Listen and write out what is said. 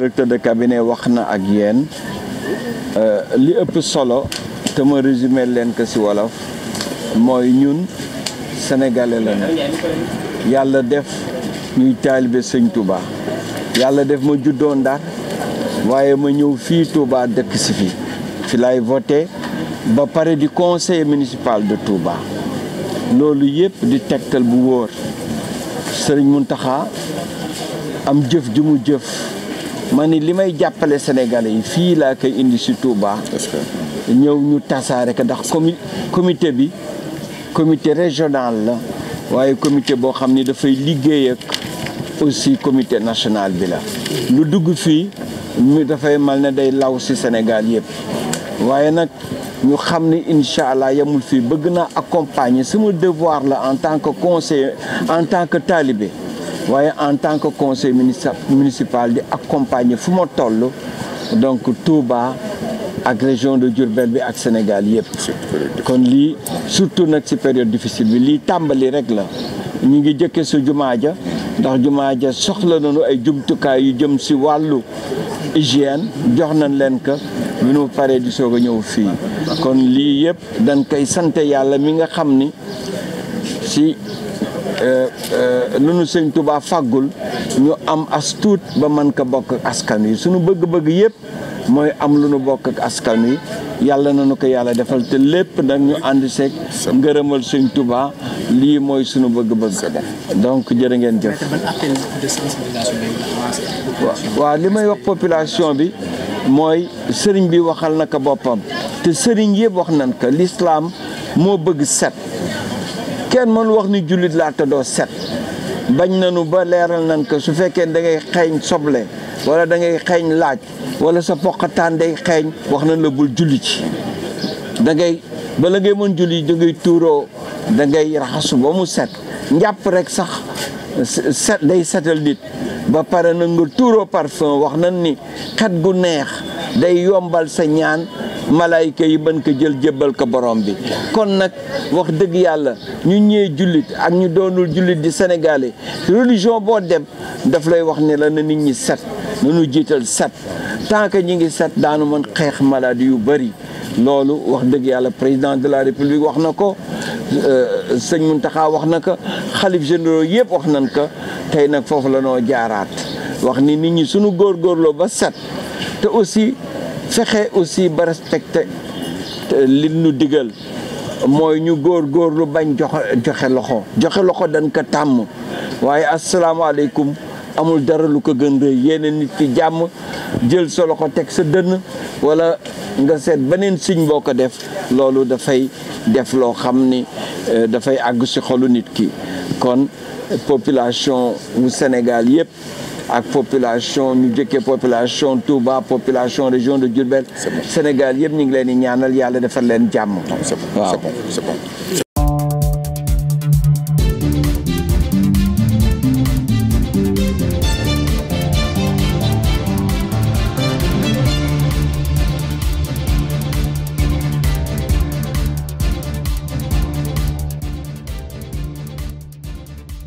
directeur de cabinet wax na ak yéen euh, li ëpp solo te ma résumer leen ko ci wolof mooy ñun sénégalais la ñu yàlla def ñuy taalibe sëñ Touba yàlla def ma juddoo Ndar waaye ma ñëw fii Touba dëkk si fi fi lay voté ba pare di conseil municipal de Touba loolu yëpp di tegtal bu wóor Sëriñ Muntaxa am jëf ju mu jëf ma ni li may jàppale Sénégalais yi fii laa koy indi si Touba. ñëw ñu tasaare ko ndax comi comité bi comité régional la waaye comité boo xam ni dafay liggéey ak aussi comité national bi la. lu dugg fii mu dafay mal ne day law si Sénégal yëpp waaye nag ñu xam ni incha allah yemul fii bëgg naa accompagner sama devoir la en tant que conseiller en tant que talibé. waaye en tant que conseil municipal di accompagner fu ma toll donc Touba ak région de Diourbel bi ak Sénégal yëpp kon lii surtout nag ci période difficile bi lii tàmbali rek la ñu ngi jëkke su jumaa ja ndax jumaa ja soxla nañu ay jumtukaay yu jëm si wàllu hygiène jox nañ leen ko bi nu paree di soog a ñëw fii kon lii yëpp dañ koy yàlla mi nga xam ni si lu euh, euh, nu sëñ Tuubaa fàggul ñu am as ba mën ko bokk ak askan yi suñu bëgg-bëgg yëpp mooy am lu nu bokk ak askan yi yàlla na nu ko yàlla defal te lépp nag ñu ànd seeg ngërëmal sëñ tubaa lii mooy sunu bëgg-bëgg donc jërë ngeen jëf waaw li may wax population bi mooy sëriñ bi waxal na ko boppam te sëriñ yëpp wax nan ko lislaam moo bëgg set kenn mënu wax ni jullit laa te doo set bañ nañu ba leeral nañ ko su fekkee da ngay xeeñ soble wala da ngay xeeñ laaj wala sa poqataan day xeeñ wax nañ la bul julli ci da ngay bala ngay mën julli da ngay tuuroo da ngay raxasu ba mu set njàpp rek sax day setal nit ba pare na nga tuuroo parfum wax nañ ni xet gu neex day yombal sa ñaan malaayka yi ban ko jël jébbal ko borom bi kon nag wax dëgg yàlla ñu ñëwee jullit ak ñu doonul jullit di sénégalais religion boo dem daf lay wax ne la na nit ñi set nu jiital set tant que ñi ngi set daanu mën xeex maladie yu bëri loolu wax dëgg yàlla président de la république wax na ko euh, sëñ Mountakha wax na ko xalif généraux yëpp wax nañ ko tey nag foofu la noo jaaraat wax ni nit ñi suñu góorgóorloo ba set te aussi fexe aussi ba respecté li nu digal mooy ñu góor góor lu bañ joxe joxe loxo joxe loxo dañ ko tàmm waaye asalaamaaleykum amul dara lu ko gën rëy yéene nit ki jàmm jël sa loxo teg sa dënn wala nga seet beneen signe boo ko def loolu dafay def loo xam ni euh, dafay àgg ci xolu nit ki kon population wu senegal yëpp ak population ñu jëkkee population Touba population région de Diourbel Sénégal yëpp ñu ngi leen di ñaanal yàlla defal leen jàmm